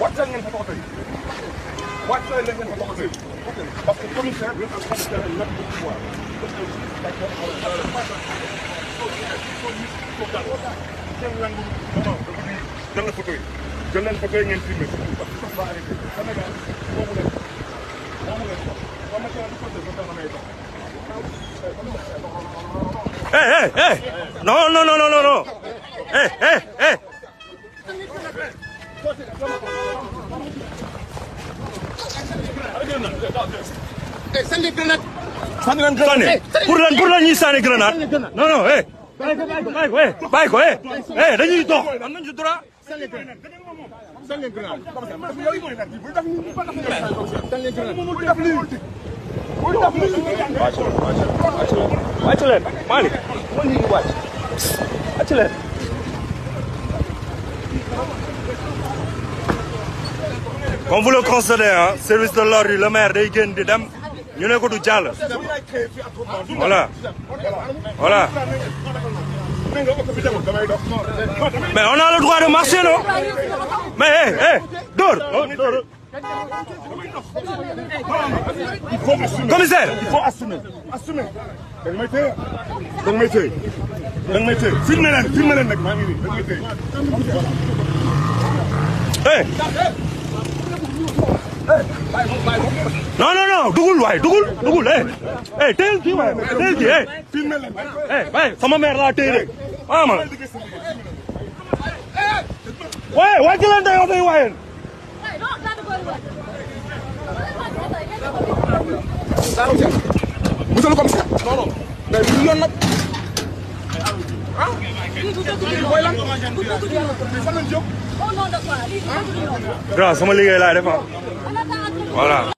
wàccal ngeen fa toxoto yi wàccal ngeen fa toxoto yi parce que commissaire bi am commissaire bi nag du pouvoir jël leen moment jël na photo yi jël leen photo yi ngeen filmé parce que ça va arrêter Sénégal moomu leen moomu leen ba ma caa du côté ba tax may dox Hey, hey, hey! Non, non, non, non, non, non! Hey, hey! sànni grenade. sànni leen grenade pour lan pour lan ñuy sànni grenade non non eh. bàyyi ko bàyyi ko eh bàyyi ko eh eh dañuy dox am nañu droit. sànni grenade sànni grenade. sànni grenade. wàcc leen Malick wàcc wàcc leen. comme vous le constatez ah service de l'ordre yi le maire day génn di dem ñu ne ko du jàll voilà voilà mais on a le droit de marcher non mais eh eh dóor dóor commissaire il faut assumer assumer da nga may téye da nga may téye da nga may téye filmé leen filmé leen nag maa ngi nii da nga may téye non non non dugul waay dugul dugul eh eh teel kii waay teel kii eh eh waay sama mère laa téye rek waaw ma waay waay ci leen day oto yi waayeen monsieur le commissaire non non day yoon nag grâce sama liggéey laay def voilà